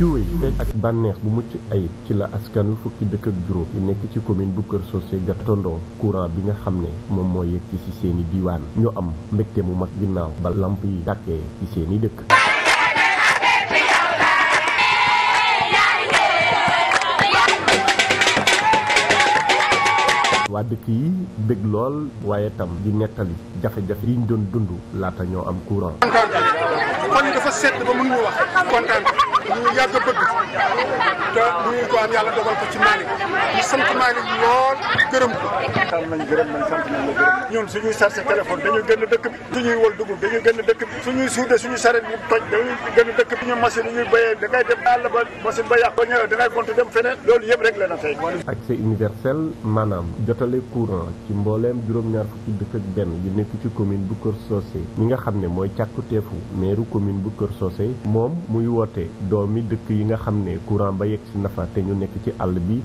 ci wéy ak bànneex bu mucc ay ci la askanu fukki dëkk ak juróom yi nekk ci commune bu Kër Socé gàttandoo courant bi nga xam ne moom moo yegg ci seeni diiwaan ñoo am mbégte mu mag ginnaaw ba làmp yi tàkkee ci seeni dëkk waa dëkk yi bëgg lool waaye tam di nettali jafe-jafe yi ñu doon dund laata ñoo am courant. lu ñu yàgg bëgg te lu ñu ko am yàlla dogal ko ci Malick sant Malick lool gërëm ko. sant nañ gërëm nañ sant nañ dañuy gën dëkk bi suñuy wal dugub dañuy gën dëkk bi suñuy suude suñu saret bu toj dañuy gën dëkk bi ñu machine yi ñuy béyee da dem àll ba machine ba yàq ba ñëw da ngay dem feneen loolu yëpp rek la na tey accès universel maanaam jotale courant ci mbooleem juróom-ñaar fukki dëkk ak benn yu nekk ci commune bu Kër Socé ñi nga xam ne mooy càkkuteefu meeru commune bu Kër soose moom muy woote doomi dëkk yi nga xam ne courant ba yegg si nafa ñu nekk ci àll bi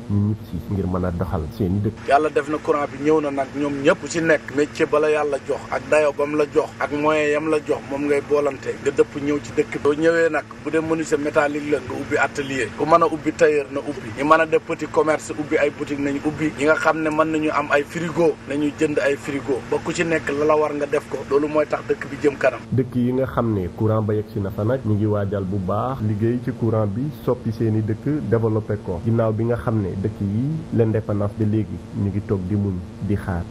ngir mën a doxal seen dëkk. yàlla def na courant bi ñëw na nag ñoom ñëpp si nekk métier bala yàlla jox ak dayo ba mu la jox ak moyen yam la jox moom ngay boolante nga dëpp ñëw ci dëkk bi soo ñëwee nag bu dee menuisier métallique la nga ubbi atelier ku mën a ubbi tailleur na ubbi ñu mën a def petit ubbi ay boutique nañu ubbi ñi nga xam ne mën nañu am ay frigo nañu jënd ay frigo ba ku ci nekk la la war nga def ko loolu mooy tax dëkk bi jëm kanam dëkk yi nga xam ne courant ba yegg si na bu baax liggéey bi soppi seeni dëkk l'indépendance de léegi ñu ngi toog di muñ di xaar